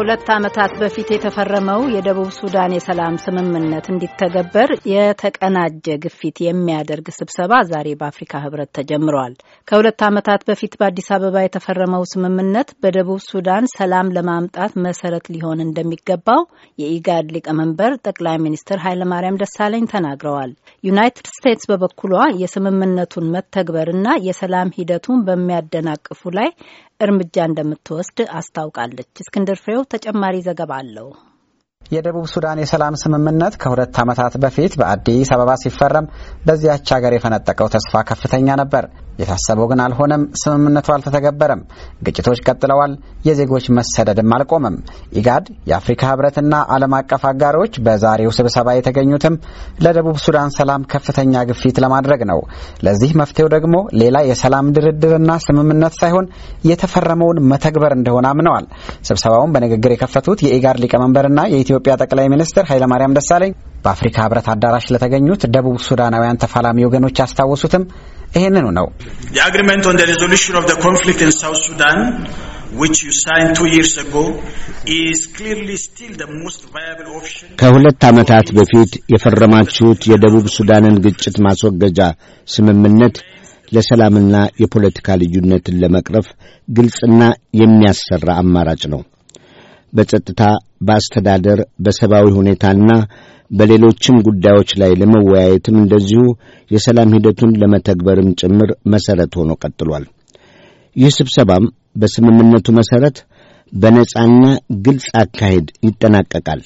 ከሁለት ዓመታት በፊት የተፈረመው የደቡብ ሱዳን የሰላም ስምምነት እንዲተገበር የተቀናጀ ግፊት የሚያደርግ ስብሰባ ዛሬ በአፍሪካ ህብረት ተጀምሯል። ከሁለት ዓመታት በፊት በአዲስ አበባ የተፈረመው ስምምነት በደቡብ ሱዳን ሰላም ለማምጣት መሰረት ሊሆን እንደሚገባው የኢጋድ ሊቀመንበር ጠቅላይ ሚኒስትር ኃይለማርያም ደሳለኝ ተናግረዋል። ዩናይትድ ስቴትስ በበኩሏ የስምምነቱን መተግበርና የሰላም ሂደቱን በሚያደናቅፉ ላይ እርምጃ እንደምትወስድ አስታውቃለች። እስክንድር ፍሬው ተጨማሪ ዘገባ አለው። የደቡብ ሱዳን የሰላም ስምምነት ከሁለት ዓመታት በፊት በአዲስ አበባ ሲፈረም በዚያች ሀገር የፈነጠቀው ተስፋ ከፍተኛ ነበር። የታሰበው ግን አልሆነም። ስምምነቱ አልተተገበረም። ግጭቶች ቀጥለዋል። የዜጎች መሰደድም አልቆመም። ኢጋድ፣ የአፍሪካ ህብረትና ዓለም አቀፍ አጋሮች በዛሬው ስብሰባ የተገኙትም ለደቡብ ሱዳን ሰላም ከፍተኛ ግፊት ለማድረግ ነው። ለዚህ መፍትሄው ደግሞ ሌላ የሰላም ድርድርና ስምምነት ሳይሆን የተፈረመውን መተግበር እንደሆነ አምነዋል። ስብሰባውን በንግግር የከፈቱት የኢጋድ ሊቀመንበርና የኢትዮጵያ ጠቅላይ ሚኒስትር ኃይለማርያም ደሳለኝ በአፍሪካ ህብረት አዳራሽ ለተገኙት ደቡብ ሱዳናውያን ተፋላሚ ወገኖች ያስታወሱትም ይህንኑ ነው። አግሪመንት ኦን ከሁለት ዓመታት በፊት የፈረማችሁት የደቡብ ሱዳንን ግጭት ማስወገጃ ስምምነት ለሰላምና የፖለቲካ ልዩነትን ለመቅረፍ ግልጽና የሚያሰራ አማራጭ ነው። በጸጥታ፣ በአስተዳደር፣ በሰብአዊ ሁኔታና በሌሎችም ጉዳዮች ላይ ለመወያየትም እንደዚሁ የሰላም ሂደቱን ለመተግበርም ጭምር መሠረት ሆኖ ቀጥሏል። ይህ ስብሰባም በስምምነቱ መሠረት በነጻና ግልጽ አካሄድ ይጠናቀቃል።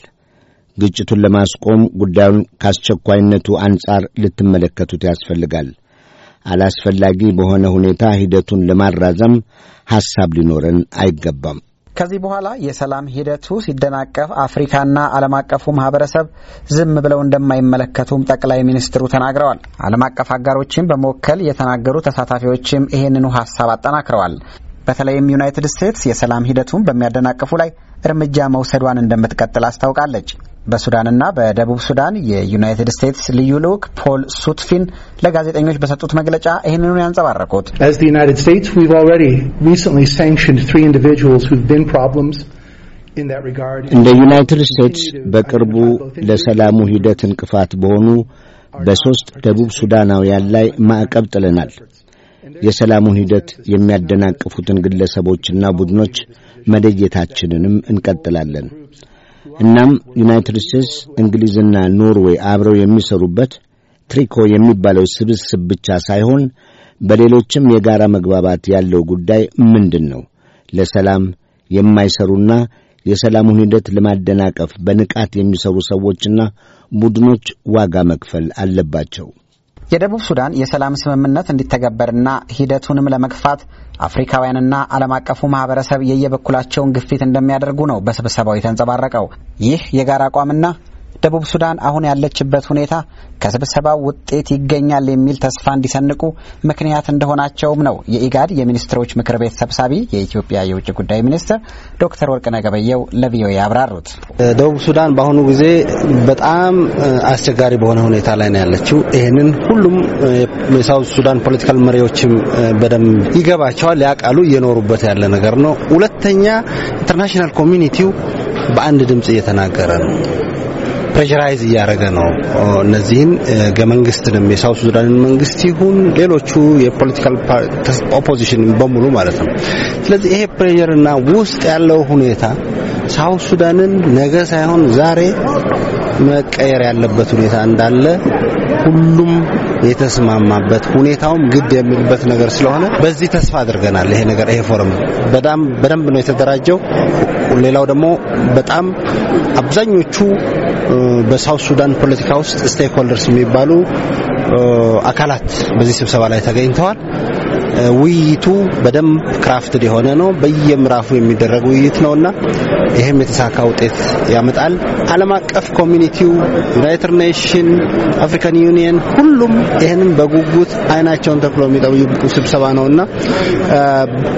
ግጭቱን ለማስቆም ጉዳዩን ከአስቸኳይነቱ አንጻር ልትመለከቱት ያስፈልጋል። አላስፈላጊ በሆነ ሁኔታ ሂደቱን ለማራዘም ሐሳብ ሊኖረን አይገባም። ከዚህ በኋላ የሰላም ሂደቱ ሲደናቀፍ አፍሪካና ዓለም አቀፉ ማህበረሰብ ዝም ብለው እንደማይመለከቱም ጠቅላይ ሚኒስትሩ ተናግረዋል። ዓለም አቀፍ አጋሮችን በመወከል የተናገሩ ተሳታፊዎችም ይህንኑ ሀሳብ አጠናክረዋል። በተለይም ዩናይትድ ስቴትስ የሰላም ሂደቱን በሚያደናቅፉ ላይ እርምጃ መውሰዷን እንደምትቀጥል አስታውቃለች። በሱዳንና በደቡብ ሱዳን የዩናይትድ ስቴትስ ልዩ ልዑክ ፖል ሱትፊን ለጋዜጠኞች በሰጡት መግለጫ ይህንኑ ያንጸባረቁት እንደ ዩናይትድ ስቴትስ በቅርቡ ለሰላሙ ሂደት እንቅፋት በሆኑ በሦስት ደቡብ ሱዳናውያን ላይ ማዕቀብ ጥለናል። የሰላሙን ሂደት የሚያደናቅፉትን ግለሰቦችና ቡድኖች መለየታችንንም እንቀጥላለን። እናም ዩናይትድ ስቴትስ እንግሊዝና ኖርዌይ አብረው የሚሰሩበት ትሪኮ የሚባለው ስብስብ ብቻ ሳይሆን በሌሎችም የጋራ መግባባት ያለው ጉዳይ ምንድን ነው? ለሰላም የማይሰሩና የሰላሙን ሂደት ለማደናቀፍ በንቃት የሚሰሩ ሰዎችና ቡድኖች ዋጋ መክፈል አለባቸው። የደቡብ ሱዳን የሰላም ስምምነት እንዲተገበርና ሂደቱንም ለመግፋት አፍሪካውያንና ዓለም አቀፉ ማህበረሰብ የየበኩላቸውን ግፊት እንደሚያደርጉ ነው በስብሰባው የተንጸባረቀው። ይህ የጋራ አቋምና ደቡብ ሱዳን አሁን ያለችበት ሁኔታ ከስብሰባው ውጤት ይገኛል የሚል ተስፋ እንዲሰንቁ ምክንያት እንደሆናቸውም ነው የኢጋድ የሚኒስትሮች ምክር ቤት ሰብሳቢ የኢትዮጵያ የውጭ ጉዳይ ሚኒስትር ዶክተር ወርቅነህ ገበየሁ ለቪኦኤ ያብራሩት። ደቡብ ሱዳን በአሁኑ ጊዜ በጣም አስቸጋሪ በሆነ ሁኔታ ላይ ነው ያለችው። ይህንን ሁሉም የሳውት ሱዳን ፖለቲካል መሪዎችም በደንብ ይገባቸዋል፣ ያውቃሉ፣ እየኖሩበት ያለ ነገር ነው። ሁለተኛ ኢንተርናሽናል ኮሚኒቲው በአንድ ድምጽ እየተናገረ ነው ፕሬሽራይዝ እያደረገ ነው። እነዚህን መንግስትንም የሳውት ሱዳንን መንግስት ይሁን ሌሎቹ የፖለቲካል ኦፖዚሽን በሙሉ ማለት ነው። ስለዚህ ይሄ ፕሬሽርና ውስጥ ያለው ሁኔታ ሳውት ሱዳንን ነገ ሳይሆን ዛሬ መቀየር ያለበት ሁኔታ እንዳለ ሁሉም የተስማማበት ሁኔታውም ግድ የሚልበት ነገር ስለሆነ በዚህ ተስፋ አድርገናል። ይሄ ነገር ይሄ ፎረም በጣም በደንብ ነው የተደራጀው። ሌላው ደግሞ በጣም አብዛኞቹ በሳውት ሱዳን ፖለቲካ ውስጥ ስቴክሆልደርስ የሚባሉ አካላት በዚህ ስብሰባ ላይ ተገኝተዋል። ውይይቱ በደንብ ክራፍትድ የሆነ ነው። በየምዕራፉ የሚደረግ ውይይት ነው እና ይህም የተሳካ ውጤት ያመጣል። ዓለም አቀፍ ኮሚኒቲው፣ ዩናይትድ ኔሽን፣ አፍሪካን ዩኒየን ሁሉም ይህንን በጉጉት አይናቸውን ተክሎ የሚጠብቁ ስብሰባ እና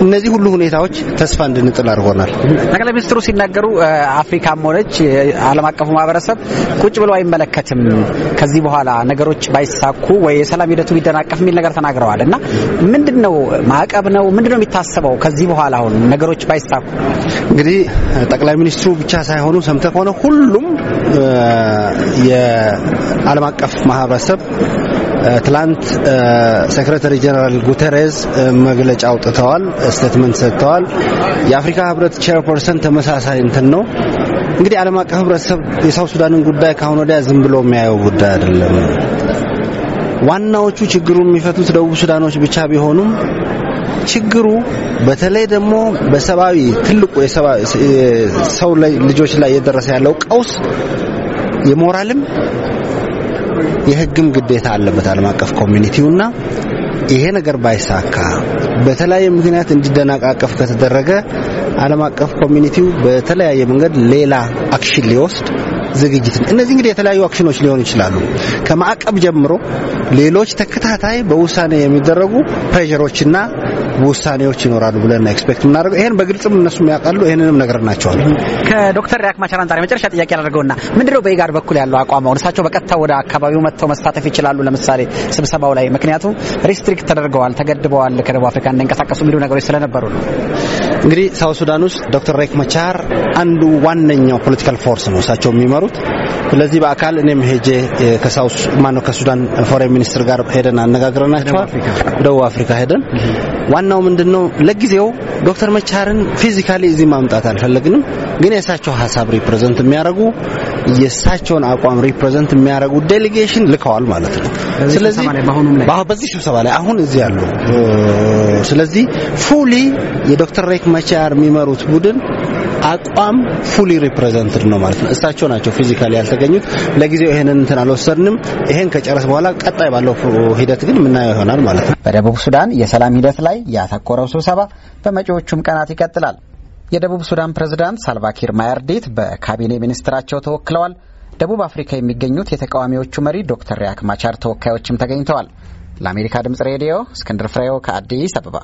እነዚህ ሁሉ ሁኔታዎች ተስፋ እንድንጥል አድርጎናል። ጠቅላይ ሚኒስትሩ ሲናገሩ አፍሪካም ሆነች ዓለም አቀፉ ማህበረሰብ ቁጭ ብሎ አይመለከትም ከዚህ በኋላ ነገሮች ባይሳኩ ወይ የሰላም ሂደቱ ቢደናቀፍ የሚል ነገር ተናግረዋል እና ምንድ ምንድን ነው ማዕቀብ ነው ምንድን ነው የሚታሰበው? ከዚህ በኋላ አሁን ነገሮች ባይሳኩ እንግዲህ ጠቅላይ ሚኒስትሩ ብቻ ሳይሆኑ ሰምተ ከሆነ ሁሉም የዓለም አቀፍ ማህበረሰብ ትላንት ሴክሬታሪ ጀነራል ጉተሬዝ መግለጫ አውጥተዋል፣ ስቴትመንት ሰጥተዋል። የአፍሪካ ህብረት ቼርፐርሰን ተመሳሳይ እንትን ነው እንግዲህ ዓለም አቀፍ ህብረተሰብ የሳውት ሱዳንን ጉዳይ ካሁን ወዲያ ዝም ብሎ የሚያየው ጉዳይ አይደለም። ዋናዎቹ ችግሩን የሚፈቱት ደቡብ ሱዳኖች ብቻ ቢሆኑም ችግሩ በተለይ ደግሞ በሰብአዊ ትልቁ ሰው ላይ ልጆች ላይ እየደረሰ ያለው ቀውስ የሞራልም የሕግም ግዴታ አለበት ዓለም አቀፍ ኮሚኒቲውና ይሄ ነገር ባይሳካ በተለያየ ምክንያት እንዲደናቃቀፍ ከተደረገ ዓለም አቀፍ ኮሚኒቲው በተለያየ መንገድ ሌላ አክሽን ሊወስድ ዝግጅት። እነዚህ እንግዲህ የተለያዩ አክሽኖች ሊሆኑ ይችላሉ። ከማዕቀብ ጀምሮ ሌሎች ተከታታይ በውሳኔ የሚደረጉ ፕሬሸሮችና ውሳኔዎች ይኖራሉ ብለን ኤክስፔክት የምናደርገው ይሄን በግልጽም እነሱ ያውቃሉ። ይሄንንም ነገር ከዶክተር ሪያክ ማቻር አንጻር የመጨረሻ ጥያቄ ያደርገውና ምንድነው በኢጋድ በኩል ያለው አቋም? አሁን እሳቸው በቀጥታ ወደ አካባቢው መጥተው መሳተፍ ይችላሉ፣ ለምሳሌ ስብሰባው ላይ ምክንያቱም ሪስትሪክት ተደርገዋል፣ ተገድበዋል፣ ከደቡብ አፍሪካ እንዳይንቀሳቀሱ የሚሉ ነገሮች ስለነበሩ ነው። እንግዲህ ሳውት ሱዳን ውስጥ ዶክተር ሬክ መቻር አንዱ ዋነኛው ፖለቲካል ፎርስ ነው እሳቸው የሚመሩት። ስለዚህ በአካል እኔም ሄጄ ከሳውት ማነው ከሱዳን ፎሬን ሚኒስትር ጋር ሄደን አነጋግረናቸዋል። ደቡብ አፍሪካ ሄደን ዋናው ምንድነው ለጊዜው ዶክተር መቻርን ፊዚካሊ እዚህ ማምጣት አልፈለግንም፣ ግን የእሳቸው ሀሳብ ሪፕሬዘንት የሚያደርጉ የእሳቸውን አቋም ሪፕሬዘንት የሚያደርጉ ዴሌጌሽን ልከዋል ማለት ነው። ስለዚህ በዚህ ስብሰባ ላይ አሁን እዚህ ያሉ ስለዚህ ፉሊ የዶክተር ሬክ መቻር የሚመሩት ቡድን አቋም ፉሊ ሪፕሬዘንትድ ነው ማለት ነው። እሳቸው ናቸው ፊዚካሊ ያልተገኙት። ለጊዜው ይሄንን እንትን አልወሰድንም። ይሄን ከጨረስ በኋላ ቀጣይ ባለው ሂደት ግን ምናየው ይሆናል ማለት ነው። በደቡብ ሱዳን የሰላም ሂደት ላይ ያተኮረው ስብሰባ በመጪዎቹም ቀናት ይቀጥላል። የደቡብ ሱዳን ፕሬዝዳንት ሳልቫኪር ማያርዲት በካቢኔ ሚኒስትራቸው ተወክለዋል። ደቡብ አፍሪካ የሚገኙት የተቃዋሚዎቹ መሪ ዶክተር ሪያክ ማቻር ተወካዮችም ተገኝተዋል። ለአሜሪካ ድምጽ ሬዲዮ እስክንድር ፍሬው ከአዲስ አበባ